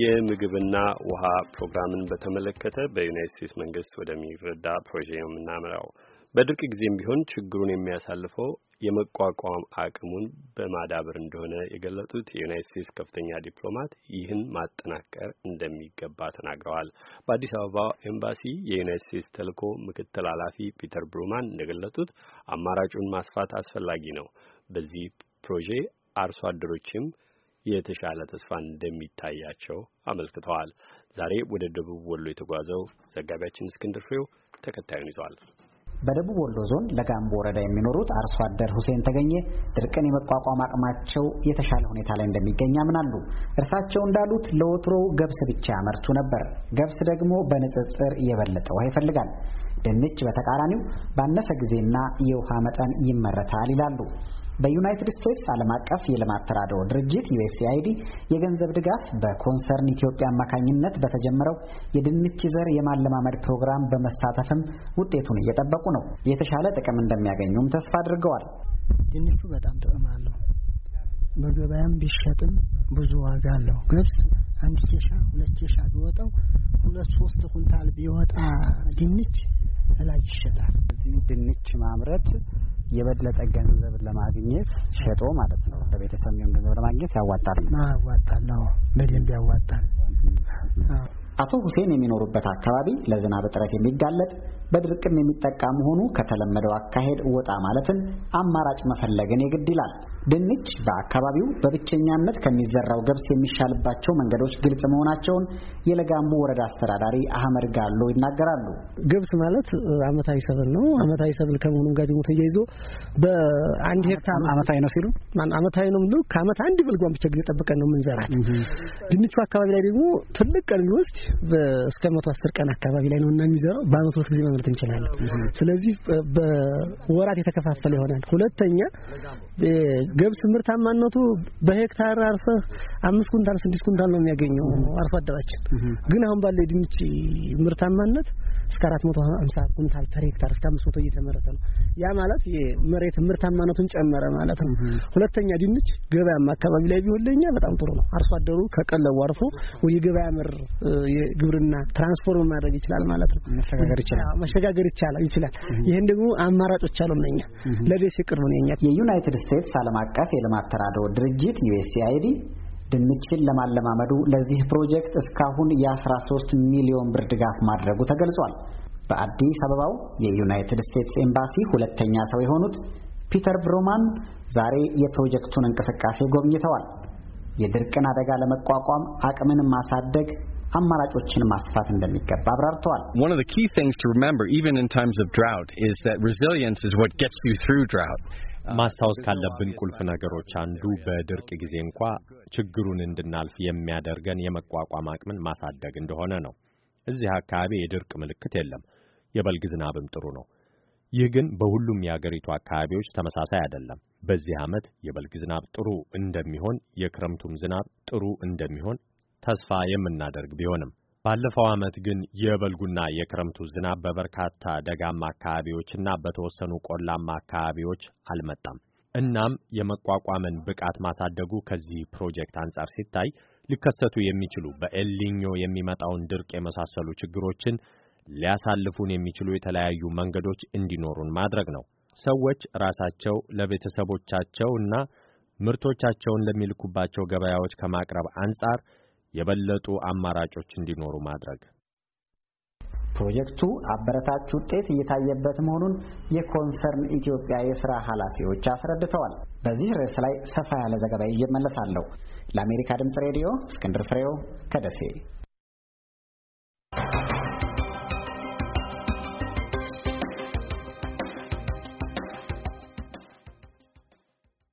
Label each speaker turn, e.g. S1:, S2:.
S1: የምግብና ውሃ ፕሮግራምን በተመለከተ በዩናይት ስቴትስ መንግስት ወደሚረዳ ፕሮጀክት ነው የምናምራው። በድርቅ ጊዜም ቢሆን ችግሩን የሚያሳልፈው የመቋቋም አቅሙን በማዳበር እንደሆነ የገለጡት የዩናይት ስቴትስ ከፍተኛ ዲፕሎማት ይህን ማጠናከር እንደሚገባ ተናግረዋል። በአዲስ አበባ ኤምባሲ የዩናይት ስቴትስ ተልዕኮ ምክትል ኃላፊ ፒተር ብሩማን እንደገለጡት አማራጩን ማስፋት አስፈላጊ ነው። በዚህ ፕሮጄ አርሶ አደሮችም የተሻለ ተስፋ እንደሚታያቸው አመልክተዋል። ዛሬ ወደ ደቡብ ወሎ የተጓዘው ዘጋቢያችን እስክንድር ፍሬው ተከታዩን ይዟል።
S2: በደቡብ ወሎ ዞን ለጋምቦ ወረዳ የሚኖሩት አርሶ አደር ሁሴን ተገኘ ድርቅን የመቋቋም አቅማቸው የተሻለ ሁኔታ ላይ እንደሚገኝ ያምናሉ። እርሳቸው እንዳሉት ለወትሮ ገብስ ብቻ ያመርቱ ነበር። ገብስ ደግሞ በንጽጽር የበለጠ ውሃ ይፈልጋል። ድንች በተቃራኒው ባነሰ ጊዜና የውሃ መጠን ይመረታል ይላሉ። በዩናይትድ ስቴትስ ዓለም አቀፍ የልማት ተራድኦ ድርጅት ዩኤስኤአይዲ የገንዘብ ድጋፍ በኮንሰርን ኢትዮጵያ አማካኝነት በተጀመረው የድንች ዘር የማለማመድ ፕሮግራም በመሳተፍም ውጤቱን እየጠበቁ ነው። የተሻለ ጥቅም እንደሚያገኙም ተስፋ አድርገዋል።
S3: ድንቹ በጣም ጥቅም አለው። በገበያም ቢሸጥም ብዙ ዋጋ አለው። ገብስ አንድ ኬሻ ሁለት ኬሻ ቢወጣው ሁለት ሶስት
S2: ኩንታል ቢወጣ ድንች እላይ ይሸጣል። እዚህ ድንች ማምረት የበለጠ ገንዘብ ለማግኘት ሸጦ ማለት ነው ለቤተሰብ የሚሆን ገንዘብ ለማግኘት ያዋጣል ያዋጣል ነው በደንብ ያዋጣል። አቶ ሁሴን የሚኖሩበት አካባቢ ለዝናብ እጥረት የሚጋለጥ በድርቅም የሚጠቃ መሆኑ ከተለመደው አካሄድ ወጣ ማለትን አማራጭ መፈለግን የግድ ይላል። ድንች በአካባቢው በብቸኛነት ከሚዘራው ገብስ የሚሻልባቸው መንገዶች ግልጽ መሆናቸውን የለጋሞ ወረዳ አስተዳዳሪ አህመድ ጋሎ ይናገራሉ።
S3: ገብስ ማለት አመታዊ ሰብል ነው። አመታዊ ሰብል ከመሆኑም ጋር ደግሞ ተያይዞ በአንድ ሄክታር አመታዊ ነው ሲሉ አመታዊ ነው ምንለው ከአመት አንድ በልጓን ብቻ ጊዜ ጠብቀን ነው የምንዘራት። ድንቹ አካባቢ ላይ ደግሞ ትልቅ ቀን ቢወስድ እስከ መቶ አስር ቀን አካባቢ ላይ ነው እና የሚዘራው በአመት ሁለት ጊዜ ማምረት እንችላለን። ስለዚህ በወራት የተከፋፈለ ይሆናል። ሁለተኛ ገብስ ምርታማነቱ በሄክታር አርሶ አምስት ኩንታል ስድስት ኩንታል ነው የሚያገኘው አርሶ አደራችን። ግን አሁን ባለ የድንች ምርታማነት እስከ 450 ኩንታል ፐር ሄክታር እስከ 500 እየተመረተ ነው። ያ ማለት የመሬት ምርታማነቱን ጨመረ ማለት ነው። ሁለተኛ ድንች ገበያማ አካባቢ ላይ ቢሆን ለኛ በጣም ጥሩ ነው። አርሶ አደሩ ከቀለቡ አርፎ ወደ ገበያ ምር የግብርና ትራንስፎርም ማድረግ
S2: ይችላል ማለት ነው። መሸጋገር ይችላል መሸጋገር ይችላል ይችላል። ይሄን ደግሞ አማራጮች አሉ ለኛ ለደሴ ቅርብ ነው የኛ የዩናይትድ ስቴትስ ዓለም አቀፍ የልማት ተራድኦ ድርጅት ዩኤስኤአይዲ ድንችን ለማለማመዱ ለዚህ ፕሮጀክት እስካሁን የ13 ሚሊዮን ብር ድጋፍ ማድረጉ ተገልጿል። በአዲስ አበባው የዩናይትድ ስቴትስ ኤምባሲ ሁለተኛ ሰው የሆኑት ፒተር ብሮማን ዛሬ የፕሮጀክቱን እንቅስቃሴ ጎብኝተዋል። የድርቅን አደጋ ለመቋቋም አቅምን ማሳደግ አማራጮችን ማስፋት እንደሚገባ አብራርተዋል።
S4: One of the key things to remember even in times of drought is that resilience is what gets you through drought. ማስታወስ ካለብን ቁልፍ ነገሮች አንዱ በድርቅ ጊዜ እንኳ ችግሩን እንድናልፍ የሚያደርገን የመቋቋም አቅምን ማሳደግ እንደሆነ ነው። እዚህ አካባቢ የድርቅ ምልክት የለም። የበልግ ዝናብም ጥሩ ነው። ይህ ግን በሁሉም የአገሪቱ አካባቢዎች ተመሳሳይ አይደለም። በዚህ ዓመት የበልግ ዝናብ ጥሩ እንደሚሆን፣ የክረምቱም ዝናብ ጥሩ እንደሚሆን ተስፋ የምናደርግ ቢሆንም ባለፈው ዓመት ግን የበልጉና የክረምቱ ዝናብ በበርካታ ደጋማ አካባቢዎችና በተወሰኑ ቆላማ አካባቢዎች አልመጣም። እናም የመቋቋምን ብቃት ማሳደጉ ከዚህ ፕሮጀክት አንጻር ሲታይ ሊከሰቱ የሚችሉ በኤልኒኞ የሚመጣውን ድርቅ የመሳሰሉ ችግሮችን ሊያሳልፉን የሚችሉ የተለያዩ መንገዶች እንዲኖሩን ማድረግ ነው። ሰዎች ራሳቸው ለቤተሰቦቻቸውና ምርቶቻቸውን ለሚልኩባቸው ገበያዎች ከማቅረብ አንጻር የበለጡ አማራጮች እንዲኖሩ ማድረግ።
S2: ፕሮጀክቱ አበረታች ውጤት እየታየበት መሆኑን የኮንሰርን ኢትዮጵያ የስራ ኃላፊዎች አስረድተዋል። በዚህ ርዕስ ላይ ሰፋ ያለ ዘገባ ይዤ እመለሳለሁ። ለአሜሪካ ድምፅ ሬዲዮ እስክንድር ፍሬው ከደሴ